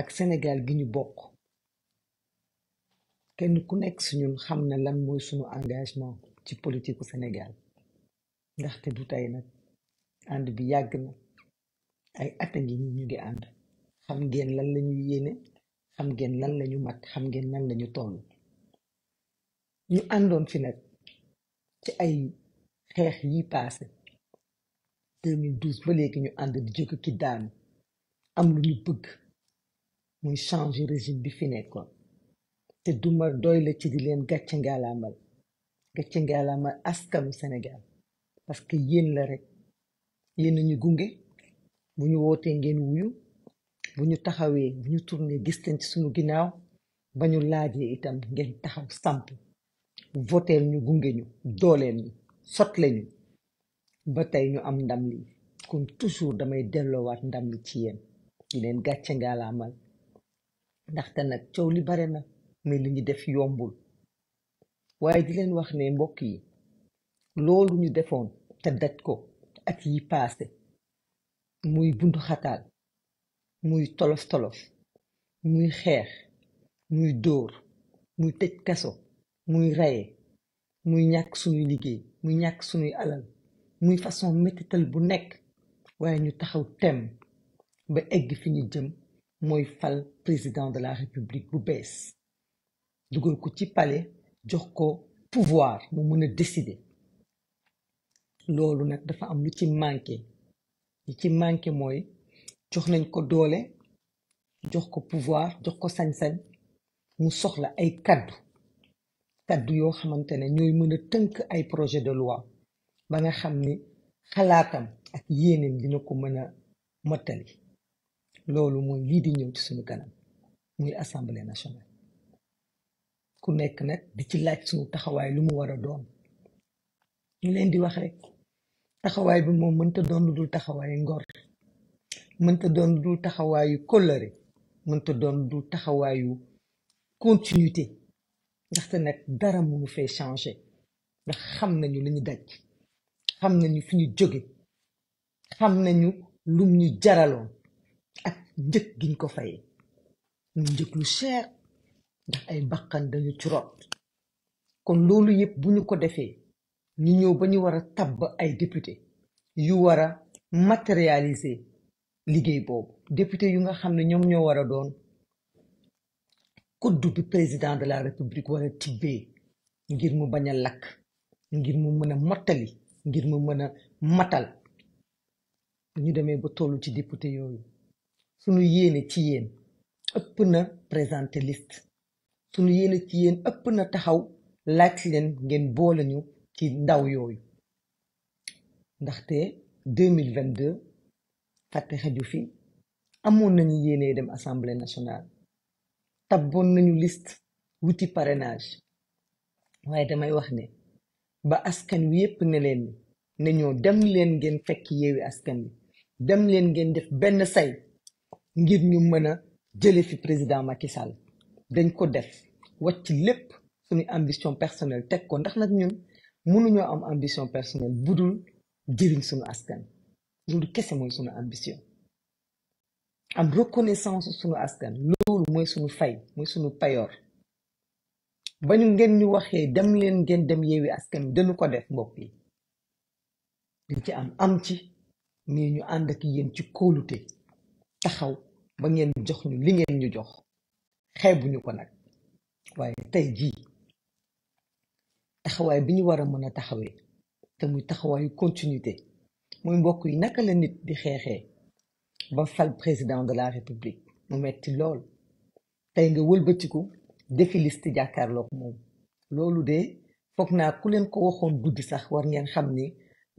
ak Sénégal gi ñu bokk kenn ku nekk suñun xam na lan mooy suñu engagement ci politiku Sénégal ndaxte du tey nag ànd bi yàgg na ay at ngi ñu ñu ngi ànd xam ngeen lan la yéene xam ngeen lan la ñu mat xam ngeen lan la ñu ñu àndoon fi nag ci ay xeex yi paase 2012 ba léegi ñu ànd di jóge ki daanu am lu ñu bëgg muy changer régime bi fi nekkoon te duma doy ci di leen gàcce ngaalaamal gàcce ngaalaamal askanu Sénégal parce que yéen la rek yéen ñu gunge bu ñu wootee ngeen wuyu bu ñu taxawee bu ñu tourné gis leen ci suñu ginnaaw ba ñu laajee itam ngeen taxaw samp voteel ñu gunge ñu dooleel ñu sotle ñu ba tey ñu am ndam li kon toujours damay delloowaat ndam li ci yéen di leen gàcce ngaalaamal ndaxte nag coow li bare na mais li ñu def yombul waaye di leen wax ne mbokk yi loolu ñu defoon te daj ko ak yi paase muy bundu muy tolof tolof muy xeex muy dóor muy tëj kaso muy raye muy ñàkk suñuy liggéey muy ñàkk suñuy alal muy façon métital bu nekk waaye ñu taxaw tem ba egg fi ñu jëm mooy fal président de la république bu bees dugal ko ci palais jox ko pouvoir mu mën a décider loolu nag dafa am lu ci manqué li ci manqué mooy jox nañ ko doole jox ko pouvoir jox ko sañ-sañ mu soxla ay kaddu kaddu yoo xamante ne ñooy mën a tënk ay projet de loi ba nga xam ni xalaatam ak yéeneem dina ko mën a mottali loolu mooy lii di ñëw ci suñu kanam muy assemblée nationale ku nekk nag di ci laaj suñu taxawaay lu mu war a doon ñu leen di wax rek taxawaay bi moom mënta doon lu dul taxawaayu ngor mënta doon lu dul taxawaayu kóllëre mënta doon lu taxawaayu continuité ndaxte nag dara mënu fee changé ndax xam nañu li ñu daj xam nañu fi ñu jóge xam nañu lum ñu jaraloon ak njëg giñ ko fay mu njëg lu cher ndax ay bakkan dañu ci kon loolu yëpp bu ñu ko defee ñu ñëw ba ñu war a tabb ay député yu war a matérialiser liggéey boobu député yu nga xam ne ñoom ñoo war a doon kuddu bi président de la république war a tibbee ngir mu bañ a lakk ngir mu mën a mottali ngir mu mën a matal ñu demee ba tollu ci député yooyu sunu yéene ci yéen ëpp na présenter list sunu yéene ci yéen ëpp na taxaw laaj leen ngeen boole ñu ci ndaw yooyu ndaxte 2022 fàtte xaju fii amoon nañu yéene dem assemblée nationale tabboon nañu list wuti parrainage waaye damay wax ne ba askan wi yépp ne leen ne ñoo dem leen ngeen fekk yeewi askan wi dem leen ngeen def benn say ngir ñu mën a jële fi président Macky Sall dañ ko def wàcc lépp suñu ambition personnelle teg ko ndax nag ñun mënuñoo am ambition bu dul jëriñ suñu askan loolu kese mooy suñu ambition am reconnaissance suñu askan loolu mooy suñu fay mooy suñu payoor ba ñu ngeen ñu waxee dem leen ngeen dem yeewi askan wi dañu ko def mbokk yi dañ ci am am ci mais ñu ànd ak yéen ci kóolute taxaw ba ngeen jox ñu li ngeen ñu jox xeebuñu ko nag waaye tey jii taxawaay bi ñu war a mën a taxawee te muy taxawaayu continuité muy mbokk yi naka la nit di xeexee ba fal président de la république mu metti lool tey nga wëlbatiku defi liste jàkkaarloo moom loolu de foog naa ku leen ko waxoon guddi sax war ngeen xam ni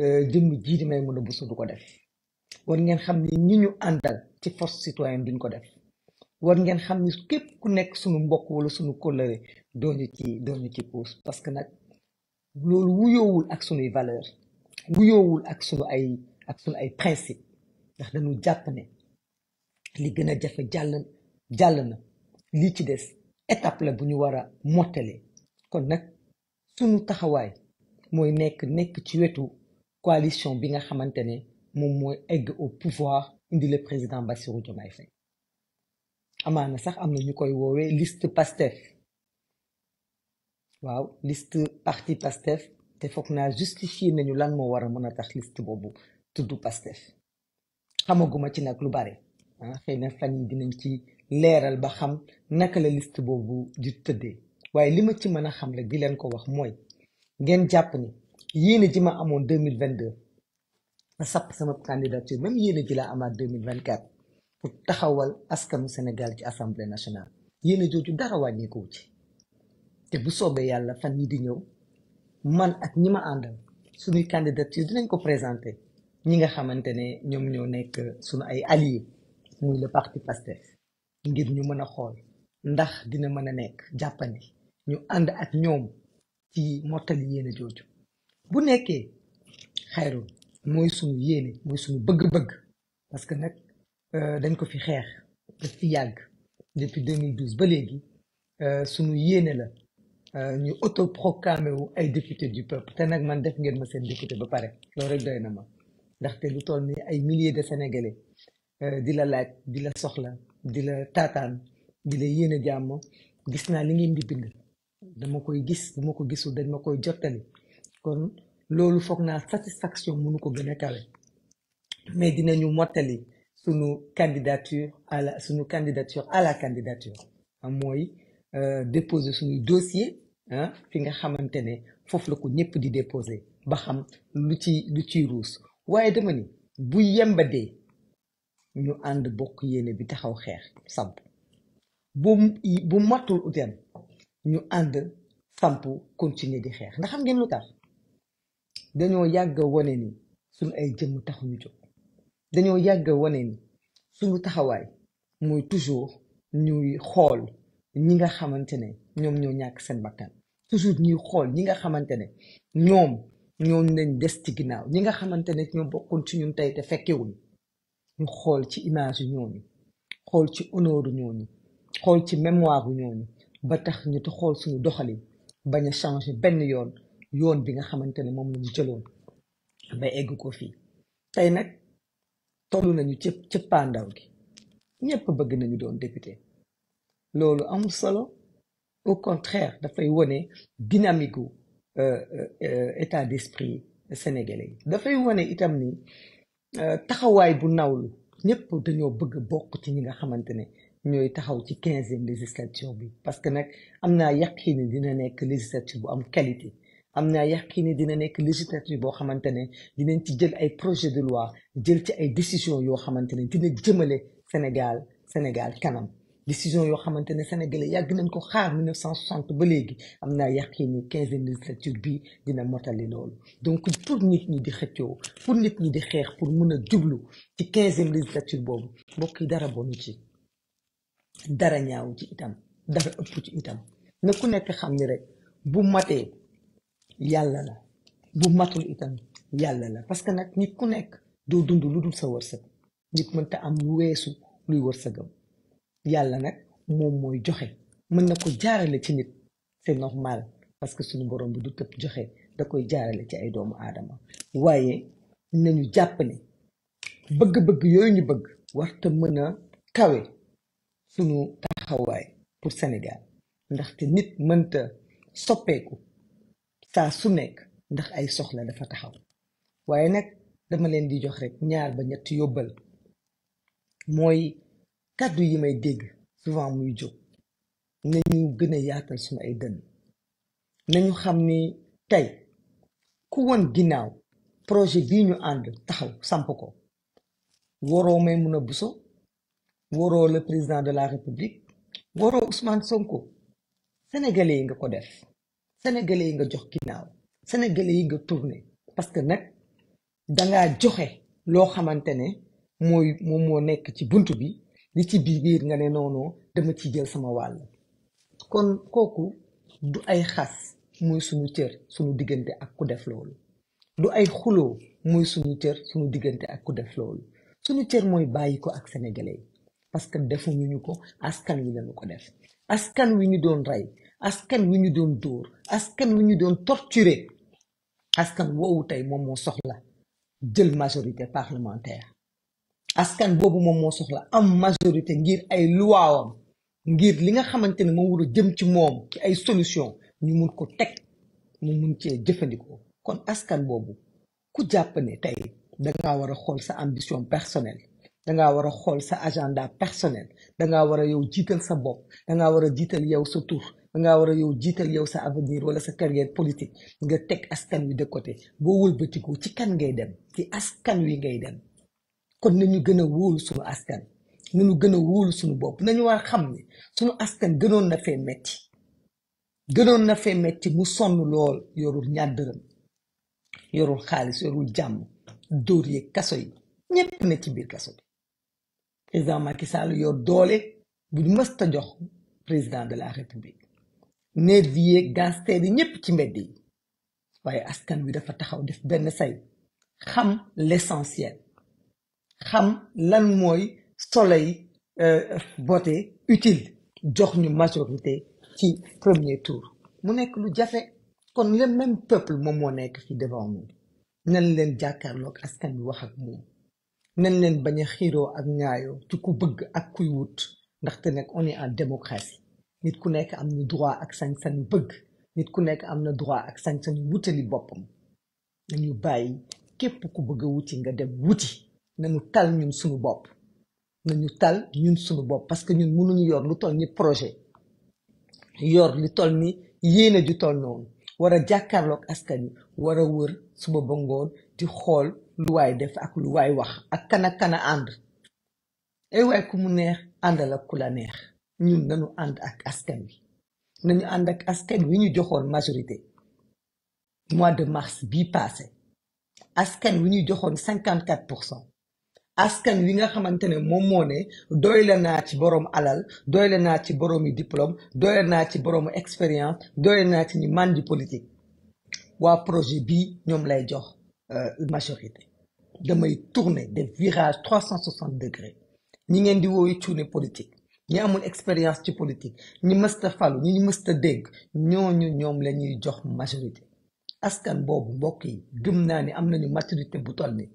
euh, jëmm jii di may mën a busu du ko def war ngeen xam ni ñi ñu àndal ci force citoyenne duñ ko def war ngeen xam ni képp ku nekk suñu mbokk wala suñu kóllëre dooñu ci dooñu ci puus parce que nag loolu wuyoowul ak suñuy valeur wuyoowul ak suñu ay ak suñu ay principe ndax dañu jàpp ne li gën a jafe jàll jàll na lii ci des étape la bu ñu war a mottale kon nag suñu taxawaay mooy nekk nekk ci wetu coalition bi nga xamante ne moom mooy egg au indi le président Bassirou Diomaye Faye amaana sax am na ñu koy woowee liste Pastef waaw list parti Pastef te foog naa justifier nañu lan moo war a mën a tax liste boobu tudd Pastef xamaguma ci nag lu bare ah xëy na fan yi dinañ ci leeral ba xam naka la liste boobu di tëddee waaye li ma ci mën a xam rek di leen ko wax mooy ngeen jàpp ni yéene ji ma amoon deux mille vingt deux ma sapp sama candidature même yéene ji laa amaat 2024 pour taxawal askanu Sénégal ci assemblée nationale yéene jooju dara wàññeeku ci te bu soobee yàlla fan yi di ñëw man ak ñi ma àndal suñuy candidature dinañ ko présenter ñi nga xamante ne ñoom ñoo nekk suñu ay alliés muy le parti Pastef ngir ñu mën a xool ndax dina mën a nekk jàppandi ñu ànd ak ñoom ci mottali yéene jooju bu nekkee xayrul mooy suñu yéene mooy suñu bëgg-bëgg parce que nag euh, dañ ko fi xeex daf fi yàgg depuis 2012 ba léegi euh, suñu yéene la euh, ñu autoproclamé wu ay député du peuple te nag man def ngeen ma seen député ba pare loolu rek doy na ma ndaxte lu toll ni ay millier de sénégalais di la laaj di la soxla di la taataan di la yéene jàmm gis naa li ngeen di bind dama koy gis bu ma ko gisul dañ ma koy jottali kon loolu foog naa satisfaction munu ko gën a kawe mais dinañu mottali suñu candidature à la suñu candidature à la candidature ah, mooy euh, déposer suñuy dossier ah fi nga xamante ne foofu la ko ñëpp di déposer ba xam lu ci lu ciy ruus waaye dama ni bu yembadee ñu ànd bokk yéene bi taxaw xeex samp bu bu mottul utam ñu ànd samp continuer di xeex ndax xam ngeen lu tax dañoo yàgg wone ni suñu ay jëmm taxuñu jóg dañoo yàgg wane ni suñu taxawaay muy toujours ñuy xool ñi nga xamante ne ñoom ñoo ñàkk seen bakkan toujours ñuy xool ñi nga xamante ne ñoom ñoo nañ des ci ginnaaw ñi nga xamante ne ñoo bokkul ci ñun tey te fekkewuñ ñu xool ci image yu ñooñu xool ci honneur yu ñooñu xool ci mémoire yu ñooñu ba tax ñu te xool suñu doxalin bañ a changer benn yoon yoon bi nga xamante ne moom la ñu jëloon ba egg ko fii tey nag toll nañu ci ci pandaw gi ñëpp bëgg nañu doon député loolu amul solo au contraire dafay wone dynamique gu euh, euh, état d'esprit sénégalais yi dafay wone itam ni euh, taxawaay bu nawlu ñëpp dañoo bëgg bokk ci ñi nga xamante ne ñooy taxaw ci quinzième législature bi parce que nag am naa yàqi ni dina nekk législature bu am qualité am naa yàqii dina nekk législature boo xamante ne dinañ ci jël ay projet de jël ci ay décision yoo xamante ne dina jëmale Sénégal Sénégal kanam décision yoo xamante ne sénégalais yàgg nañ ko xaar 1960 ba léegi am naa yàqin ni quinzième législature bi dina motali loolu donc pour nit ñi di xëccoo pour nit ñi di xeex pour mun a jublu ci quinzième législature boobu mbokk yi dara bonu ci dara ñaaw ci itam dara ëpp ci itam na ku nekk xam ni rek bu matee yàlla la bu matul itam yàlla la parce que nag nit ku nekk doo dund lu dul sa wërsëg nit mënta am lu weesu luy wërsëgam yàlla nag moom mooy joxe mën na ko jaarale ci nit c'est normal parce que suñu borom bi du tëb joxe da koy jaarale ci ay doomu aadama waaye nañu jàpp ni bëgg-bëgg yooyu ñu bëgg warta mën na kawe suñu taxawaay pour Sénégal ndaxte nit mënta soppeeku saa su nekk ndax ay soxla dafa taxaw waaye nag dama leen di jox rek ñaar ba ñett yóbbal mooy kàddu yi may dégg souvent muy jóg nañu gën a yaatal suma ay dënn nañu xam ni tey ku won ginnaaw projet bii ñu ànd taxaw samp ko waroo Maimouna Bousso waroo le président de la république waroo Ousmane Sonko sénégalais nga ko def sénégalais yi nga jox ginnaaw sénégalais yi nga tourné parce que nag dangaa joxe loo xamante ne mooy moom moo nekk ci bunt bi li ci biir nga ne noonoo dama ci jël sama wàll kon kooku du ay xas muy suñu cër suñu diggante ak ku def loolu du ay xuloo muy suñu cër suñu diggante ak ku def loolu suñu cër mooy bàyyi ko ak sénégalais yi parce que defuñu ñu ko askan wi lañu ko def askan wi ñu doon rey askan wi ñu doon dóor askan wi ñu doon torturer askan woowu tey moom moo soxla jël majorité parlementaire askan boobu moom moo soxla am majorité ngir ay luwaawam ngir li nga xamante ne moo war jëm ci moom ci ay solution ñu mun ko teg mu mun cee jëfandikoo kon askan boobu ku jàpp ne tey dangaa war a xool sa ambition personnelle dangaa war a xool sa agenda personnel dangaa war a yow jiital sa bopp dangaa war a jiital yow sa tur dangaa war a yow jiital yow sa avenir wala sa carrière politique nga teg askan wi de côté boo wëlbatiku ci kan ngay dem ci askan wi ngay dem kon nañu gën a wóolu suñu askan nañu gën a wóolu suñu bopp nañu war xam ne suñu askan gënoon na fee gënoon na fee metti mu sonn lool yorul ñaar dërëm yorul xaalis yorul jàmm dóor yeeg kaso yi ñépp ne ci biir kaso bi président Macky Sall yor doole bu mës ta jox président de la république nervis yeeg gangster yi ñépp ci mbedd yi waaye askan wi dafa taxaw def benn say xam l'essentiel xam lan mooy soleil vote euh, utile jox ñu majorité ci premier tour mu nekk lu jafe kon le même peuple moom moo nekk fi devant nous nan leen jàkkaarloog askan wi wax ak moom nan leen bañ a xiiroo ak ñaayoo ci ku bëgg ak kuy wut ndaxte nag on est en démocratie nit ku nekk am na droit ak sañ-sañu bëgg nit ku nekk am na droit ak sañ-sañu wutali boppam nañu bàyyi képp ku bëgg a wuti nga dem wuti nañu tal ñun suñu bopp na nañu tal ñun suñu bopp parce que ñun mënuñu yor lu toll ni projet yor lu toll ni yéene ju toll noonu war a jàkkaarloog askan wi war a wër suba ba ngoon di xool lu waay def ak lu waay wax ak kan kana ànd ay waay ku mu neex àndal ku la neex ñun nañu ànd ak askan wi nañu ànd ak askan wi ñu joxoon majorité mois de mars bii passé askan wi ñu joxoon cinquante quatre pour cent askan wi nga xamante ne moom moo ne naa ci boromu alal doy naa ci boroomi diplôme doy la naa ci boroomu expérience doy naa ci ñu màndi politique waa projet bi ñoom lay jox euh, majorité damay tourner des virages trois cent soixante degrés ñi ngeen di wooyu cuune politique ñi amul expérience ci politique ñi mësta falu ñi mësta dégg ñooñu ñoom la ñuy jox majorité askan boobu mbokk yi gëm naa ni am nañu maturité bu toll ni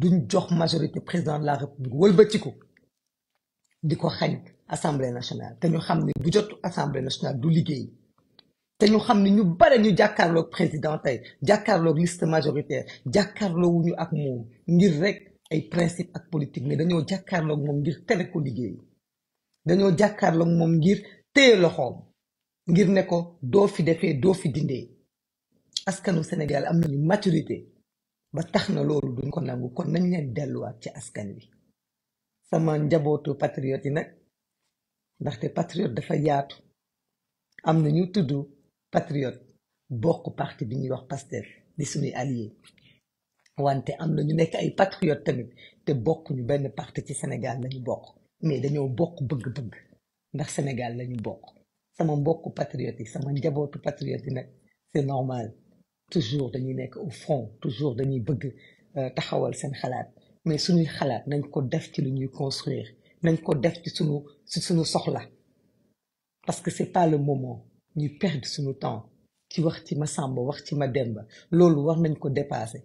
duñ jox majorité président de la république wëlbatiku di ko xañ assemblée nationale te ñu xam ne bu jot assemblée nationale du liggéey te ñu xam ne ñu bare ñu jàkkaarloog président tey jàkkaarloog liste majoritaire jàkkaarloogu ñu ak moom ngir rek ay principe ak politique ne dañoo jàkkaarloog moom ngir tere ko liggéey dañoo jàkkaarloog moom ngir téye loxoom ngir ne ko doo fi defee doo fi dindee askanu Sénégal am na ñu maturité ba tax na loolu duñ ko nangu kon nañ leen delluwaat ci askan wi sama njabootu patriote yi nag ndaxte patriote dafa yaatu am na ñu tudd patriote bokk parti bi ñuy wax Pastef di suñuy allié wante am na ñu nekk ay patriote tamit te bokk ñu benn parti ci Sénégal lañu bokk mais dañoo bokk bëgg-bëgg ndax Sénégal lañu bokk sama mbokku patriote yi sama njabootu patriote yi nag c'est normal toujours dañuy nekk au front toujours dañuy bëgg euh, taxawal seen xalaat mais suñuy xalaat nañ ko def ci lu ñuy construire nañ ko def ci suñu ci suñu soxla parce que c'est pas le moment ñu perdre suñu temps ci wax ci ma Samba wax ci ma Demba loolu war nañ ko dépasé